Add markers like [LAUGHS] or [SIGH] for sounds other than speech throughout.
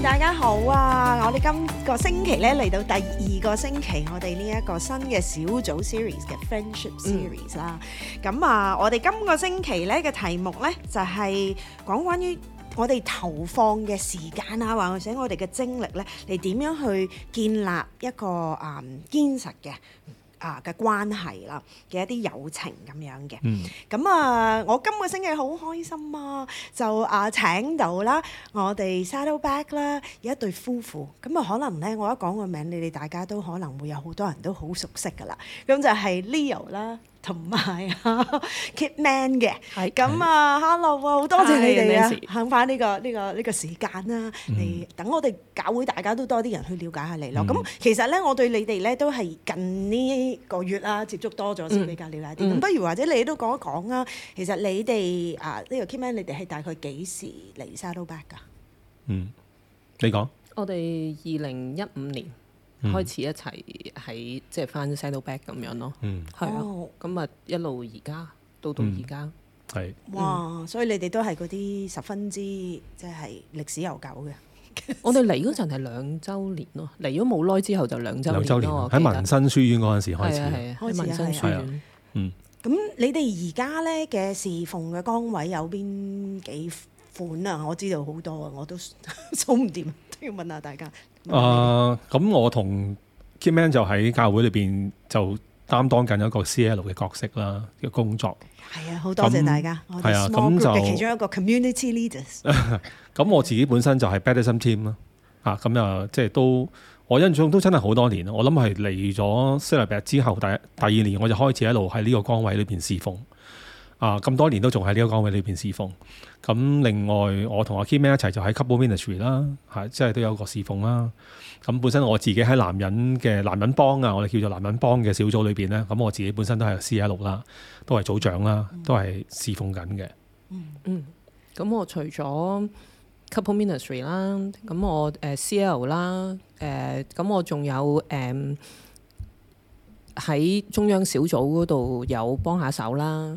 大家好啊！我哋今個星期咧嚟到第二個星期，我哋呢一個新嘅小組 ser series 嘅 friendship series 啦。咁、嗯、啊，我哋今個星期咧嘅題目咧就係、是、講關於我哋投放嘅時間啊，或者我哋嘅精力咧，你點樣去建立一個誒、嗯、堅實嘅。啊嘅關係啦，嘅一啲友情咁樣嘅，咁、嗯、啊，我今個星期好開心啊，就啊請到啦我哋 Saddleback 啦，有一對夫婦，咁啊可能咧，我一講個名，你哋大家都可能會有好多人都好熟悉噶啦，咁就係 Leo 啦。同埋啊，Kitman 嘅，咁啊，Hello 啊，好多謝你哋啊，慳翻呢個呢個呢個時間啦，嚟等我哋搞會，大家都多啲人去了解下你咯。咁其實咧，我對你哋咧都係近呢個月啦，接觸多咗先比較瞭解啲。咁不如或者你都講一講啊，其實你哋啊，呢個 Kitman，你哋係大概幾時嚟 Southall Back 噶？嗯，你講。我哋二零一五年。嗯、開始一齊喺即係翻 Saddleback 咁樣咯。嗯，係啊，咁啊、哦、一路而家到到而家係，嗯、哇！所以你哋都係嗰啲十分之即係、就是、歷史悠久嘅。 [LAUGHS] 我哋嚟嗰陣係兩週年咯，嚟咗冇耐之後就兩週年咯，喺民生書院嗰陣時開始，喺民、啊啊、生書院。啊啊、嗯，咁你哋而家咧嘅侍奉嘅崗位有邊幾款啊？我知道好多啊，我都數唔掂，都要問下大家。啊，咁、呃、我同 Kitman 就喺教會裏邊就擔當緊一個 CL 嘅角色啦，嘅工作。係啊，好多謝大家。係啊、嗯，咁就其中一個 Community Leaders。咁 [LAUGHS] 我自己本身就係 Baptism Team 啦。啊、咁、啊、又即係都我印象都真係好多年。我諗係嚟咗 Celebrate 之後，第第二年我就開始一路喺呢個崗位裏邊侍奉。啊！咁多年都仲喺呢個崗位裏邊侍奉。咁另外，我同阿 Kitman 一齊就喺 Couple Ministry 啦，係即係都有個侍奉啦。咁本身我自己喺男人嘅男人幫啊，我哋叫做男人幫嘅小組裏邊咧，咁我自己本身都係 CL 啦，都係組長啦，都係侍奉緊嘅。嗯，咁我除咗 Couple Ministry 啦，咁我誒 CL 啦，誒咁我仲有誒喺中央小組嗰度有幫下手啦。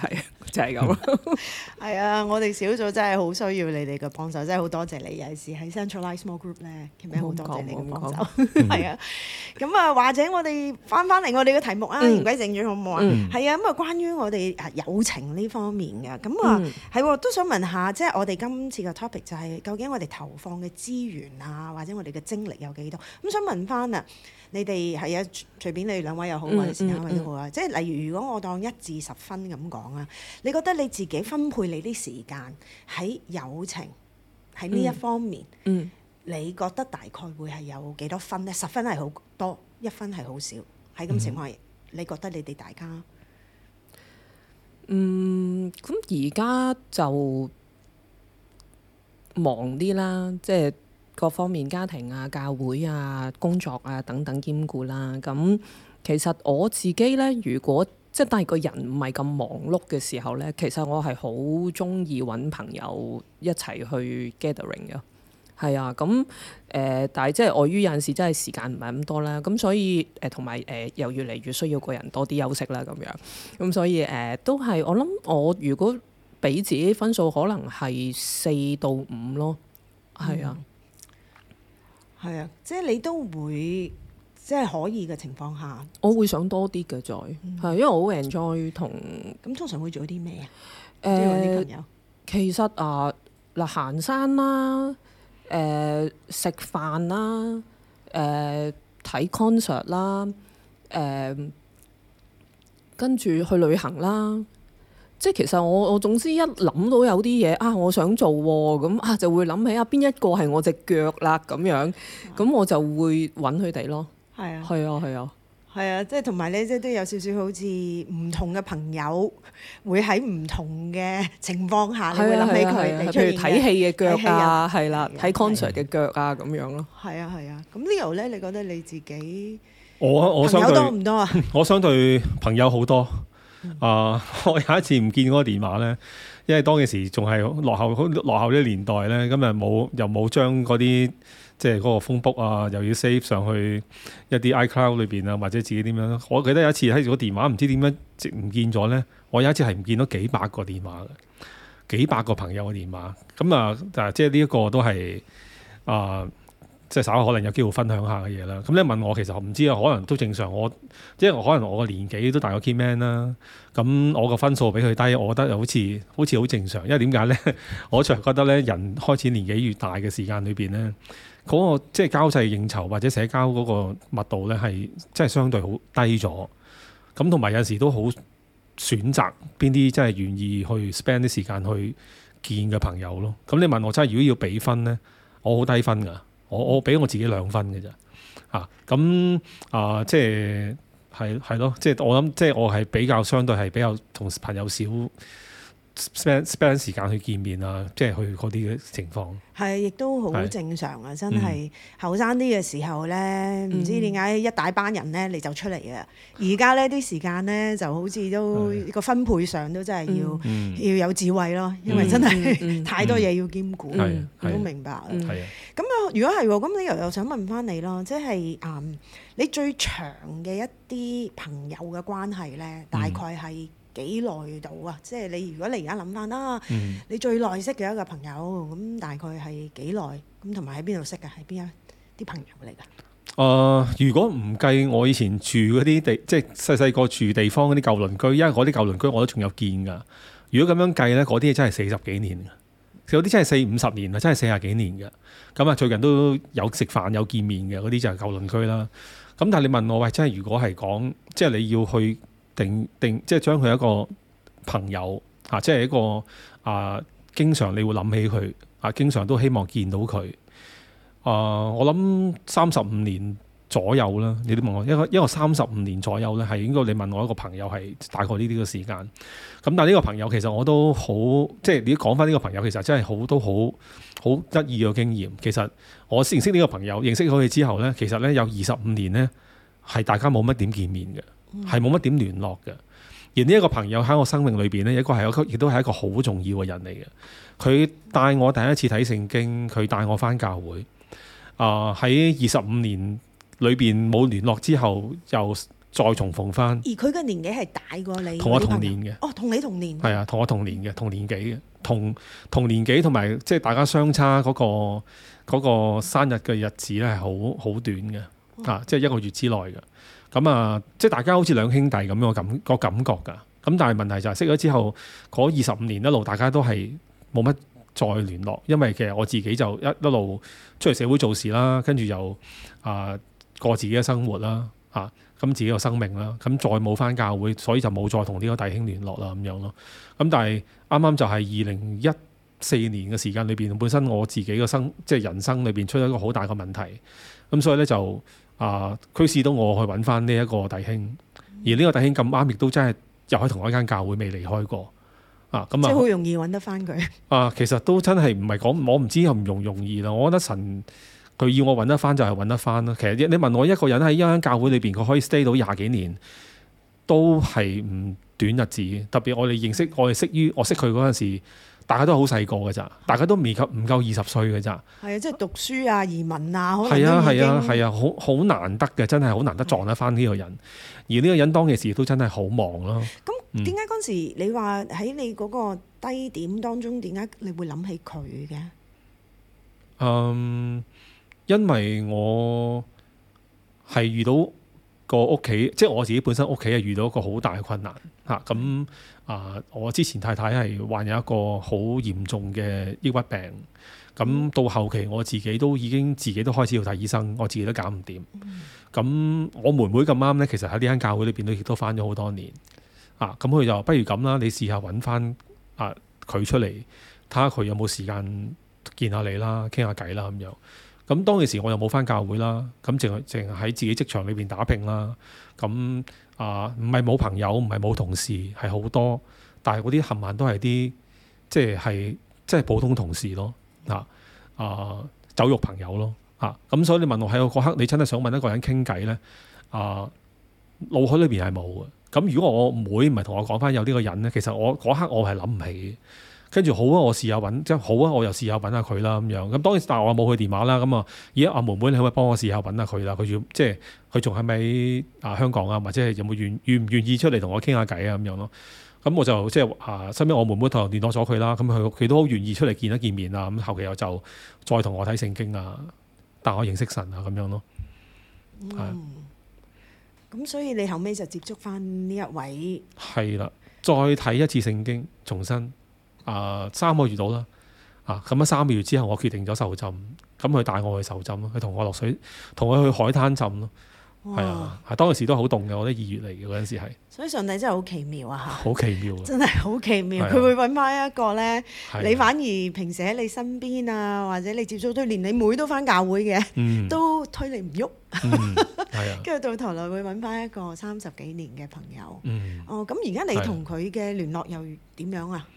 係啊，就係、是、咁。係 [LAUGHS] 啊，我哋小組真係好需要你哋嘅幫手，真係好多謝你。尤其係喺 centralize small group 咧，其實好多謝你嘅幫手。係啊，咁 [LAUGHS] 啊，或者我哋翻翻嚟我哋嘅題目啊，嗯、言歸正傳，好唔好啊？係啊，咁啊，關於我哋友情呢方面嘅，咁、嗯、啊，係我都想問下，即、就、係、是、我哋今次嘅 topic 就係究竟我哋投放嘅資源啊，或者我哋嘅精力有幾多？咁想問翻啊，你哋係啊，隨便你哋兩位又好，或者前兩位都好啊。即、嗯、係、嗯、例如，如果我當一至十分咁講。你覺得你自己分配你啲時間喺友情喺呢一方面，嗯，嗯，你覺得大概會係有幾多分呢？十分係好多，一分係好少。喺咁情況，嗯，你覺得你哋大家？嗯，咁而家就忙啲啦，即係各方面家庭啊、教會啊、工作啊等等兼顧啦。咁其實我自己呢，如果即係但係個人唔係咁忙碌嘅時候呢，其實我係好中意揾朋友一齊去 gathering 㗎，係啊，咁誒、呃，但係即係礙於有陣時真係時間唔係咁多啦，咁所以誒同埋誒又越嚟越需要個人多啲休息啦咁樣，咁所以誒、呃、都係我諗我如果俾自己分數，可能係四到五咯，係啊，係、嗯、啊，即係你都會。即係可以嘅情況下，我會想多啲嘅，再係、嗯、因為我好 enjoy 同咁，嗯、通常會做啲咩啊？誒，啲朋友，呃、其實啊，嗱、呃，行山啦，誒、呃，食飯啦，誒、呃，睇 concert 啦，誒、呃，跟住去旅行啦、呃。即係其實我我總之一諗到有啲嘢啊，我想做喎、啊，咁啊就會諗起啊邊一個係我隻腳啦、啊、咁樣，咁我就會揾佢哋咯。係啊！係啊！係啊！係啊！即係同埋咧，即係都有少少好似唔同嘅朋友，會喺唔同嘅情況下，你會諗起佢。譬如睇戲嘅腳啊，係啦，睇 concert 嘅腳啊，咁樣咯。係啊，係啊。咁 Leo 咧，你覺得你自己？我，朋友多唔多啊？我相對朋友好多。啊，我有一次唔見嗰個電話咧，因為當其時仲係落後，落後啲年代咧，咁又冇，又冇將嗰啲。即係嗰個 phone book 啊，又要 save 上去一啲 iCloud 裏邊啊，或者自己點樣。我記得有一次睇住個電話，唔知點樣唔見咗呢。我有一次係唔見到幾百個電話嘅，幾百個朋友嘅電話。咁、嗯、啊，即係呢一個都係啊，即係稍可能有機會分享下嘅嘢啦。咁、嗯、你問我，其實唔知啊，可能都正常我。我即係可能我嘅年紀都大過 Kitman 啦、啊。咁、嗯、我嘅分數比佢低，我覺得又好似好似好正常。因為點解呢？ [LAUGHS] 我就覺得呢，人開始年紀越大嘅時間裏邊呢。嗰個即係交際應酬或者社交嗰個密度呢，係即係相對好低咗。咁同埋有時都好選擇邊啲即係願意去 spend 啲時間去見嘅朋友咯。咁你問我真係如果要俾分呢？我好低分㗎。我我俾我自己兩分嘅咋。咁啊，即係係係咯。即係我諗，即係我係比較相對係比較同朋友少。spend spend 時間去見面啊，即係去嗰啲嘅情況。係，亦都好正常啊！真係後生啲嘅時候咧，唔知點解一大班人咧，你就出嚟嘅。而家呢啲時間咧，就好似都個分配上都真係要要有智慧咯，因為真係太多嘢要兼顧。係啊，都明白啊。係啊。咁啊，如果係喎，咁你又想問翻你咯，即係誒，你最長嘅一啲朋友嘅關係咧，大概係？幾耐到啊？即係你，如果你而家諗翻啦，嗯、你最耐識嘅一個朋友，咁大概係幾耐？咁同埋喺邊度識嘅？喺邊啊？啲朋友嚟㗎？誒、呃，如果唔計我以前住嗰啲地，即係細細個住地方嗰啲舊鄰居，因為我啲舊鄰居我都仲有見㗎。如果咁樣計呢，嗰啲真係四十幾年嘅，有啲真係四五十年啊，真係四十幾年嘅。咁啊，最近都有食飯有見面嘅嗰啲就係舊鄰居啦。咁但係你問我喂，真係如果係講，即係你要去？定定即係將佢一個朋友啊、啊，即係一個啊，經常你會諗起佢啊，經常都希望見到佢啊。我諗三十五年左右啦，你都問我，因為因為三十五年左右咧，係應該你問我一個朋友係大概呢啲嘅時間。咁但係呢個朋友其實我都好，即係你講翻呢個朋友，其實真係好都好好得意嘅經驗。其實我先認識呢個朋友，認識佢之後咧，其實咧有二十五年咧係大家冇乜點見面嘅。係冇乜點聯絡嘅，而呢一個朋友喺我生命裏邊呢一個係亦都係一個好重要嘅人嚟嘅。佢帶我第一次睇聖經佢帶我翻教會。啊、呃，喺二十五年裏邊冇聯絡之後，又再重逢翻而佢嘅年紀係大過你？同我同年嘅。同同年哦，同你同年。係啊，同我同年嘅，同年紀嘅，同同年紀，同埋即係大家相差嗰個嗰個生日嘅日子咧，係好好短嘅，哦、啊，即係一個月之內嘅。咁啊，即係大家好似兩兄弟咁樣嘅感個感覺噶咁但係問題就係識咗之後，嗰二十五年一路大家都係冇乜再聯絡，因為其實我自己就一一路出嚟社會做事啦，跟住又啊過自己嘅生活啦，吓咁自己嘅生命啦，咁再冇返教會，所以就冇再同呢個弟兄聯絡啦，咁樣咯。咁但係啱啱就係二零一四年嘅時間裏邊，本身我自己嘅生即係人生裏邊出咗一個好大嘅問題，咁所以咧就。啊！驅使到我去揾翻呢一個弟兄，而呢個弟兄咁啱，亦都真係又喺同一間教會未離開過啊！咁、嗯、啊，即好容易揾得翻佢啊！其實都真係唔係講我唔知容唔容易啦。我覺得神佢要我揾得翻就係揾得翻啦。其實你問我一個人喺一間教會裏邊，佢可以 stay 到廿幾年都係唔短日子。特別我哋認識我哋識於我識佢嗰陣時。大家都好細個㗎咋，大家都未及唔夠二十歲㗎咋。係啊，即係讀書啊、移民啊，好多係啊係啊係啊，好好、啊啊、難得嘅，真係好難得撞得翻呢個人。嗯、而呢個人當其時都真係好忙咯。咁點解嗰陣時你話喺你嗰個低點當中，點解你會諗起佢嘅？嗯，因為我係遇到。個屋企，即係我自己本身屋企係遇到一個好大嘅困難吓。咁啊，我之前太太係患有一個好嚴重嘅抑鬱病，咁到後期我自己都已經自己都開始要睇醫生，我自己都搞唔掂。咁我妹妹咁啱咧，其實喺呢間教會裏邊都亦都翻咗好多年啊。咁佢就，不如咁啦，你試下搵翻啊佢出嚟，睇下佢有冇時間見下你啦，傾下偈啦咁樣。咁當其時我又冇翻教會啦，咁淨係淨係喺自己職場裏邊打拼啦。咁啊，唔係冇朋友，唔係冇同事，係好多，但係嗰啲冚唪唥都係啲即係係即係普通同事咯，啊啊酒肉朋友咯，啊咁所以你問我喺嗰刻你真係想問一個人傾偈咧，啊腦海裏邊係冇嘅。咁如果我妹唔係同我講翻有呢個人咧，其實我嗰刻我係諗唔起。跟住好啊，我試下揾，即係好啊，我又試下揾下佢啦咁樣。咁當然，但係我冇佢電話啦。咁啊，而家阿妹妹，你可唔可以幫我試下揾下佢啦？佢要即係佢仲喺咪啊香港啊，或者係有冇願願唔願意出嚟同我傾下偈啊咁樣咯？咁我就即係啊，後尾我妹妹同我聯絡咗佢啦。咁佢佢都好願意出嚟見一見面啊。咁後期又就再同我睇聖經啊，帶我認識神啊咁樣咯。咁、嗯是嗯、所以你後尾就接觸返呢一位係啦，再睇一次聖經，重新。啊，三個月到啦，啊，咁樣三個月之後，我決定咗受浸，咁佢帶我去受浸咯，佢同我落水，同我去海灘浸咯，係啊，係當時都好凍嘅，我覺得二月嚟嘅嗰陣時係。所以上帝真係好奇妙啊！好奇妙，真係好奇妙，佢會揾返一個呢，你反而平時喺你身邊啊，或者你接觸到連你妹都返教會嘅，都推你唔喐，跟住到頭來會揾返一個三十幾年嘅朋友。哦，咁而家你同佢嘅聯絡又點樣啊？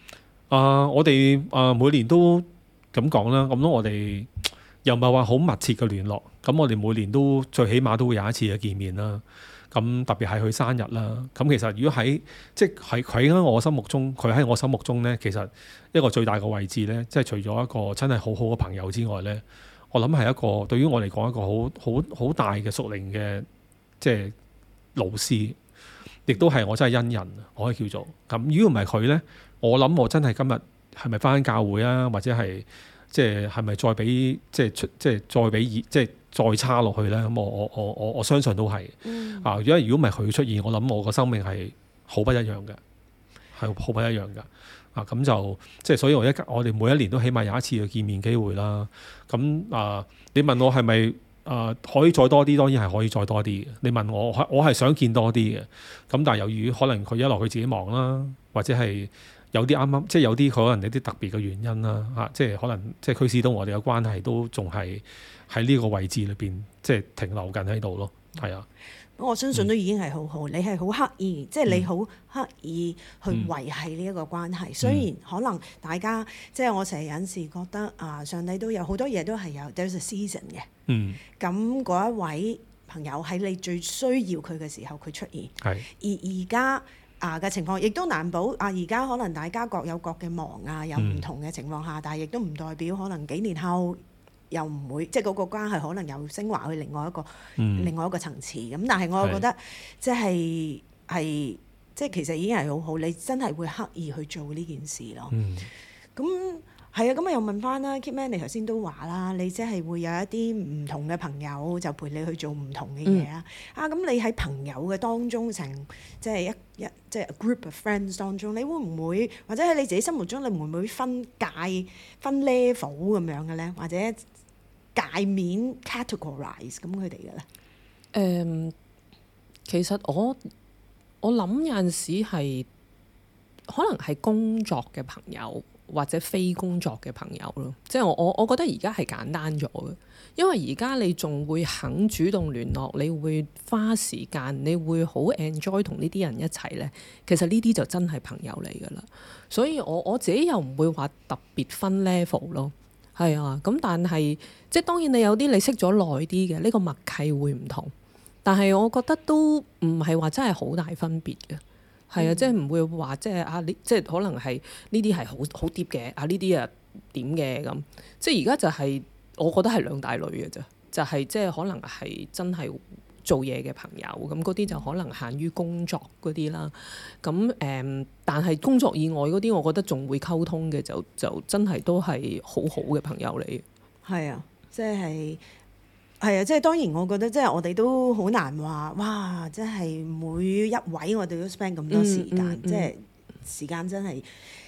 啊！Uh, 我哋啊，uh, 每年都咁講啦，咁咯，我哋又唔係話好密切嘅聯絡，咁我哋每年都最起碼都會有一次嘅見面啦。咁特別係佢生日啦。咁其實如果喺即係喺佢喺我心目中，佢喺我心目中呢，其實一個最大嘅位置呢，即係除咗一個真係好好嘅朋友之外呢。我諗係一個對於我嚟講一個好好好大嘅屬靈嘅即係老師，亦都係我真係恩人，我可以叫做咁。如果唔係佢呢。我諗我真係今日係咪翻教會啊？或者係即係係咪再俾即係出即係再俾即係再差落去咧？咁我我我我我相信都係。啊，因為如果唔係佢出現，我諗我個生命係好不一樣嘅，係好不一樣嘅。啊，咁就即係所以我一我哋每一年都起碼有一次嘅見面機會啦。咁啊，你問我係咪啊可以再多啲？當然係可以再多啲。你問我我係想見多啲嘅。咁但係由於可能佢一落佢自己忙啦，或者係。有啲啱啱，即係有啲可能有啲特別嘅原因啦，嚇、啊，即係可能即係驅使到我哋嘅關係都仲係喺呢個位置裏邊，即係停留緊喺度咯，係啊。咁我相信都已經係好好，嗯、你係好刻意，即係、嗯、你好刻意去維係呢一個關係。嗯、雖然可能大家，即係我成日有陣時覺得啊、呃，上帝都有好多嘢都係有 There's a season 嘅。嗯。咁嗰一位朋友喺你最需要佢嘅時候佢出現，係、嗯、而而家。啊嘅情況，亦都難保啊！而家可能大家各有各嘅忙啊，有唔同嘅情況下，嗯、但係亦都唔代表可能幾年後又唔會，即係嗰個關係可能又升華去另外一個、嗯、另外一個層次咁。但係我又覺得是即係係即係其實已經係好好，你真係會刻意去做呢件事咯。咁、嗯。係啊，咁啊又問翻啦，Kitman，你頭先都話啦，你即係會有一啲唔同嘅朋友就陪你去做唔同嘅嘢啦。嗯、啊，咁你喺朋友嘅當中成，即係一一即係 group of friends 當中，你會唔會或者喺你自己心目中，你會唔會分界分 level 咁樣嘅咧？或者界面 categorize 咁佢哋嘅咧？誒、嗯，其實我我諗有陣時係可能係工作嘅朋友。或者非工作嘅朋友咯，即係我我，我覺得而家係簡單咗嘅，因為而家你仲會肯主動聯絡，你會花時間，你會好 enjoy 同呢啲人一齊呢。其實呢啲就真係朋友嚟㗎啦。所以我我自己又唔會話特別分 level 咯，係啊。咁但係即係當然有你有啲你識咗耐啲嘅，呢、呢個默契會唔同。但係我覺得都唔係話真係好大分別嘅。係啊，即係唔會話即係啊，你，即係可能係呢啲係好好啲嘅啊，呢啲啊點嘅咁。即係而家就係、是、我覺得係兩大類嘅啫，就係、是、即係可能係真係做嘢嘅朋友咁嗰啲就可能限於工作嗰啲啦。咁誒、嗯，但係工作以外嗰啲，我覺得仲會溝通嘅就就真係都係好好嘅朋友嚟。係啊，即係。係啊，即係當然，我覺得即係我哋都好難話，哇！即係每一位我哋都 spend 咁多時間，即係、嗯嗯嗯、時間真係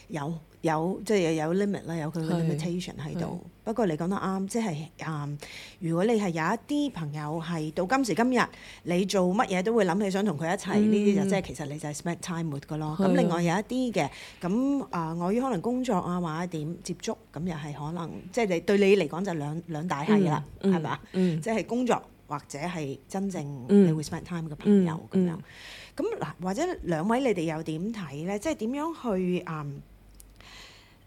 有有即係有 limit 啦，有佢嘅 limitation 喺度。不過你講得啱，即係誒、嗯，如果你係有一啲朋友係到今時今日，你做乜嘢都會諗起想同佢一齊，呢啲、嗯、就即、是、係其實你就係 spend time with 噶咯。咁另外有一啲嘅，咁啊礙於可能工作啊或者點接觸，咁又係可能即係對你嚟講就兩兩大係啦，係嘛？即係工作或者係真正你會 spend time 嘅朋友咁、嗯嗯嗯、樣。咁嗱，或者兩位你哋又點睇咧？即係點樣去誒？嗯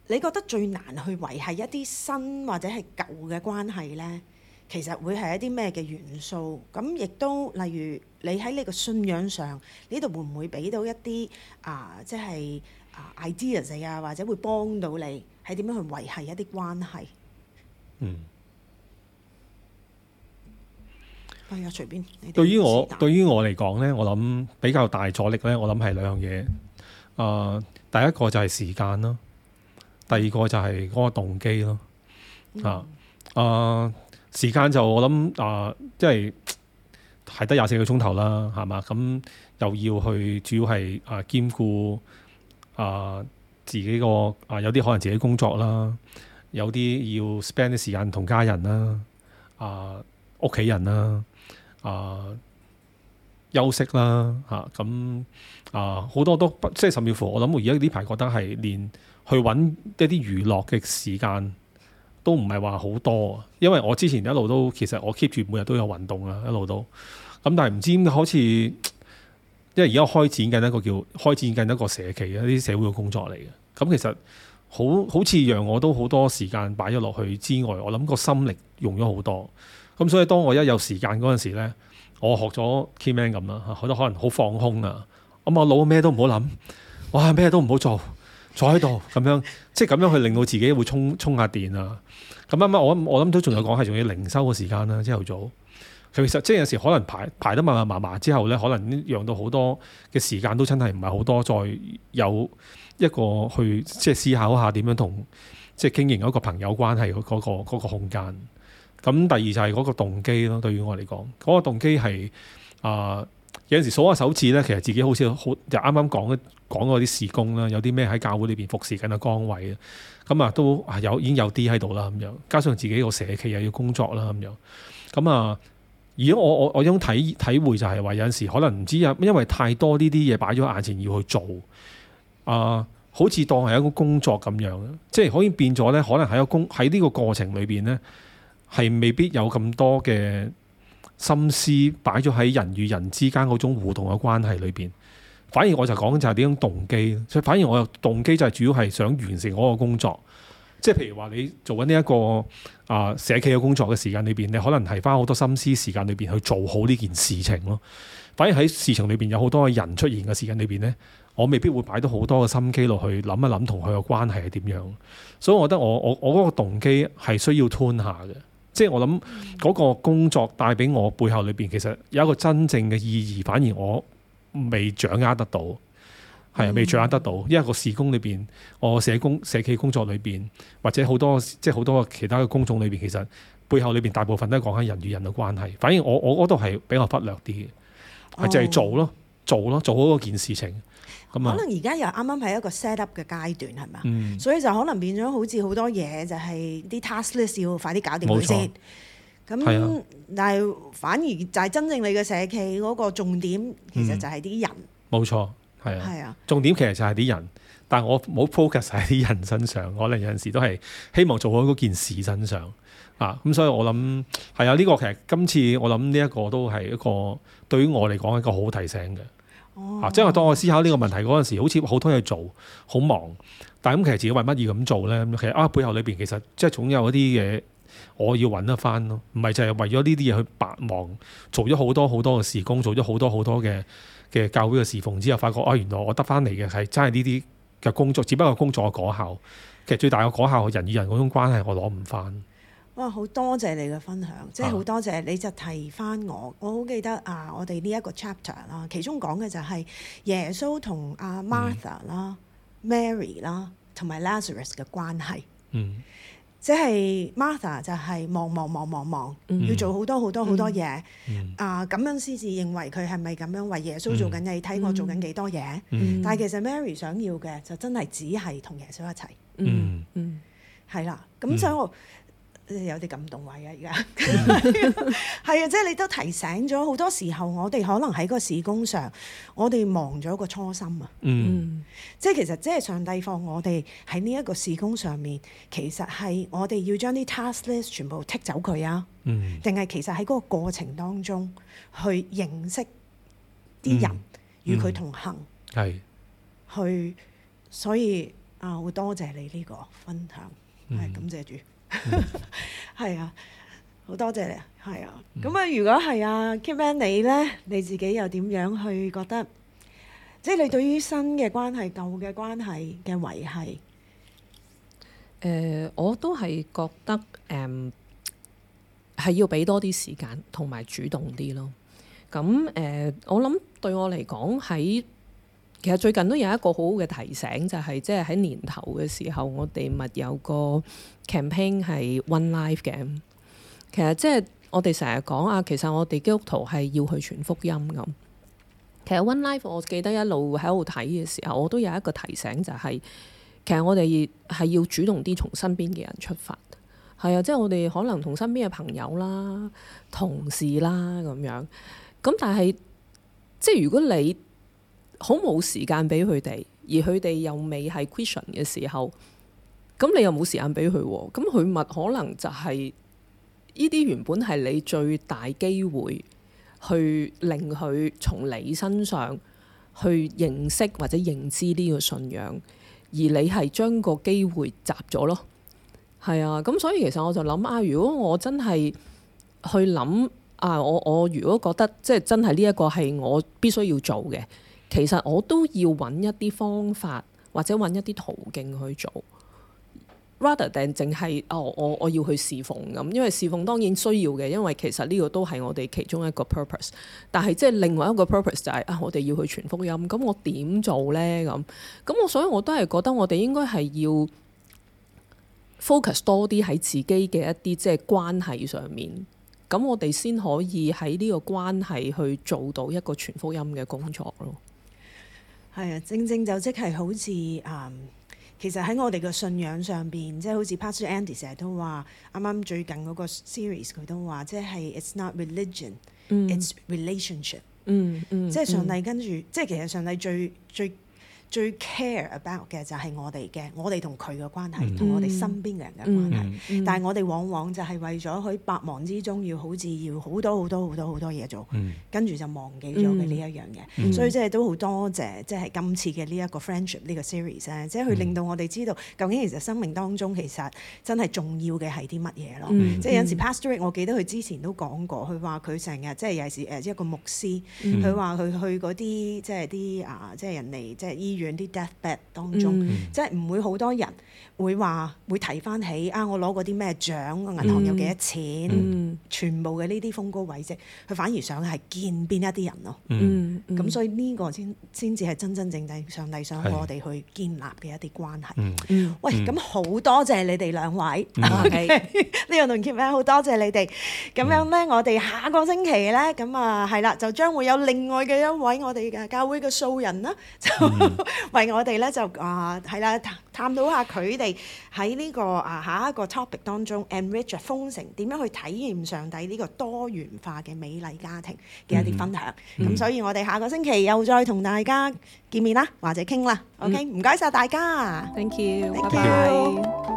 你覺得最難去維係一啲新或者係舊嘅關係呢，其實會係一啲咩嘅元素？噉亦都例如你喺呢個信仰上，呢度會唔會俾到一啲啊，即係啊 ideas 啊，或者會幫到你係點樣去維係一啲關係？嗯，係啊，隨便。對於我對於我嚟講呢，我諗比較大阻力呢，我諗係兩樣嘢啊。第一個就係時間咯。第二個就係嗰個動機咯，嗯啊，啊，誒時間就我諗誒，即係係得廿四個鐘頭啦，係嘛？咁又要去主要係誒，啊，兼顧誒，啊，自己個誒，啊，有啲可能自己工作啦，有啲要 spend 啲時間同家人啦，啊，屋企人啦，啊休息啦，嚇咁啊好，啊，多都不即係甚至乎我諗我而家呢排覺得係練。去揾一啲娛樂嘅時間都唔係話好多，因為我之前一路都其實我 keep 住每日都有運動啊，一路都咁，但係唔知點解好似，因為而家開展緊一個叫開展緊一個社企一啲社會嘅工作嚟嘅。咁其實好好似讓我都好多時間擺咗落去之外，我諗個心力用咗好多。咁所以當我一有時間嗰陣時呢，我學咗 K 班咁啦，好多可能好放空啊，咁我腦咩都唔好諗，哇咩都唔好做。坐喺度咁樣，即係咁樣去令到自己會充充下電啊！咁啱啱我我諗都仲有講係仲要零收嘅時間啦，朝頭早。其實即係有時可能排排得密密麻麻之後呢，可能讓到好多嘅時間都真係唔係好多再有一個去即係思考下點樣同即係經營一個朋友關係嗰個嗰個空間。咁第二就係嗰個動機咯，對於我嚟講，嗰個動機係啊。呃有陣時數下手指咧，其實自己好似好就啱啱講咧，講嗰啲事工啦，有啲咩喺教會裏邊服侍緊嘅崗位啊，咁啊都有已經有啲喺度啦咁樣，加上自己個社企又要工作啦咁樣，咁啊，而我我我種體體會就係話有陣時可能唔知啊，因為太多呢啲嘢擺咗眼前要去做，啊，好似當係一個工作咁樣，即係可以變咗咧，可能喺個工喺呢個過程裏邊咧，係未必有咁多嘅。心思擺咗喺人與人之間嗰種互動嘅關係裏邊，反而我就講就係呢種動機。所以反而我嘅動機就係主要係想完成我個工作。即係譬如話你做緊呢一個啊社企嘅工作嘅時間裏邊，你可能係花好多心思時間裏邊去做好呢件事情咯。反而喺事情裏邊有好多人出現嘅時間裏邊呢，我未必會擺到好多嘅心機落去諗一諗同佢嘅關係係點樣。所以我覺得我我我嗰個動機係需要 turn 下嘅。即係我諗嗰個工作帶俾我背後裏邊，其實有一個真正嘅意義，反而我未掌握得到，係未掌握得到。因為個事工裏邊，我社工社企工作裏邊，或者好多即係好多其他嘅工種裏邊，其實背後裏邊大部分都係講緊人與人嘅關係。反而我我嗰度係比較忽略啲，嘅、哦，就係做咯，做咯，做好嗰件事情。可能而家又啱啱係一個 set up 嘅階段，係咪？嗯、所以就可能變咗好似好多嘢就係、係、啲 task list 要快啲搞掂佢先。咁，但係反而就係真正你嘅社企嗰、嗰個重點，其實就係啲人。冇錯，係啊。係啊。重點其實就係啲人，但我冇 focus 喺啲人身上。可能有陣時都係希望做好嗰件事身上啊。咁、嗯、所以我諗係啊，呢、呢個其實今次我諗呢一個都係一個對於我嚟講係一個好提醒嘅。啊！即係當我思考呢個問題嗰陣時，好似好多嘢做，好忙。但係咁其實自己為乜嘢咁做呢？其實啊，背後裏邊其實即係總有一啲嘢，我要揾得翻咯。唔係就係為咗呢啲嘢去白忙，做咗好多好多嘅事工，做咗好多好多嘅嘅教會嘅侍奉。之後，發覺啊，原來我得翻嚟嘅係真係呢啲嘅工作，只不過工作嘅果效，其實最大嘅果效，人與人嗰種關係，我攞唔翻。哇！好多謝你嘅分享，即係好多謝你就提翻我，啊、我好記得啊！我哋呢一個 chapter 啦，其中講嘅就係耶穌同阿 Martha 啦、嗯、Mary 啦同埋 Lazarus 嘅關係。嗯，即係 Martha 就係忙忙忙忙忙，要做好多好多好多嘢、嗯。嗯啊，咁樣先至認為佢係咪咁樣為耶穌做緊嘢？睇我做緊幾多嘢？嗯、但係其實 Mary 想要嘅就真係只係同耶穌一齊、嗯嗯。嗯嗯，係啦，咁所以。有啲感動位啊！而家係啊，即係、 [LAUGHS] [LAUGHS] 就是、你都提醒咗好多時候，我哋可能喺個事工上，我哋忘咗個初心啊。嗯，嗯嗯即係其實即係上帝放我哋喺呢一個事工上面，其實係我哋要將啲 task list 全部剔走佢啊。定係、嗯、其實喺嗰個過程當中去認識啲人，與佢同行係、嗯嗯、去。所以啊，好多謝你呢個分享，係、嗯、感謝主。係 [LAUGHS] 啊，好多謝你，係啊。咁啊、嗯，如果係啊 Kitman 你咧，你自己又點樣去覺得？即係你對於新嘅關係、舊嘅關係嘅維繫。誒、呃，我都係覺得誒，係、嗯、要俾多啲時間同埋主動啲咯。咁誒、呃，我諗對我嚟講喺。其實最近都有一個好好嘅提醒，就係即係喺年頭嘅時候，我哋咪有個 campaign 係 One Life 嘅。其實即係我哋成日講啊，其實我哋基督徒係要去傳福音咁。其實 One Life，我記得一路喺度睇嘅時候，我都有一個提醒，就係其實我哋係要主動啲從身邊嘅人出發。係啊，即係我哋可能同身邊嘅朋友啦、同事啦咁樣。咁但係即係如果你。好冇時間俾佢哋，而佢哋又未係 question 嘅時候，咁你又冇時間俾佢，咁佢咪可能就係呢啲原本係你最大機會去令佢從你身上去認識或者認知呢個信仰，而你係將個機會集咗咯。係啊，咁所以其實我就諗啊，如果我真係去諗啊，我我如果覺得即係真係呢一個係我必須要做嘅。其實我都要揾一啲方法，或者揾一啲途徑去做，rather than 淨係哦，我我要去侍奉咁。因為侍奉當然需要嘅，因為其實呢個都係我哋其中一個 purpose。但係即係另外一個 purpose 就係啊，我哋要去傳福音。咁我點做呢？咁咁我所以我都係覺得我哋應該係要 focus 多啲喺自己嘅一啲即係關係上面。咁我哋先可以喺呢個關係去做到一個傳福音嘅工作咯。係啊，正正就即係好似啊，其實喺我哋嘅信仰上邊，即係好似 Pastor Andy 成日都話，啱啱最近嗰個 series 佢都話，即係 It's not religion，it's relationship。嗯。嗯嗯，即係上帝跟住，嗯、即係其實上帝最最最 care about 嘅就係我哋嘅，我哋同佢嘅關係同我哋身邊嘅人嘅關係，mm, mm, mm, 但係我哋往往就係為咗去百忙之中，要好似要好多好多好多好多嘢做，跟住、mm, 就忘記咗佢呢一樣嘢，mm, 所以即係都好多謝，即、就、係、是、今次嘅呢一個 friendship 呢個 series 咧，即係佢令到我哋知道究竟其實生命當中其實真係重要嘅係啲乜嘢咯。即係、mm, 有陣時 pastor，我記得佢之前都講過，佢話佢成日即係有時誒一個牧師，佢話佢去啲即係啲啊即係人哋即係醫。遠啲 deathbed 當中，嗯、即係唔會好多人會話會提翻起啊！我攞過啲咩獎，個銀行有幾多錢？嗯、全部嘅呢啲風高位值，佢反而想係見邊一啲人咯。咁、嗯嗯、所以呢個先先至係真真正正上帝想我哋去建立嘅一啲關係。是喂，咁好多謝你哋兩位。Leo 同 Kitman 咧，好多 Okay okay. 謝你哋。咁樣咧，嗯、我哋下個星期咧，咁啊係啦，就將會有另外嘅一位我哋嘅教會嘅素人啦。就 [LAUGHS] [LAUGHS] 為我哋咧就啊，係啦，探探討下佢哋喺呢個啊下一個 topic 當中 enrich 豐城點樣去體驗上帝呢個多元化嘅美麗家庭嘅一啲分享。咁、嗯嗯、所以我哋下個星期又再同大家見面啦，或者傾啦。嗯、OK，唔該晒大家。Thank you。Thank you. bye bye。Thank you.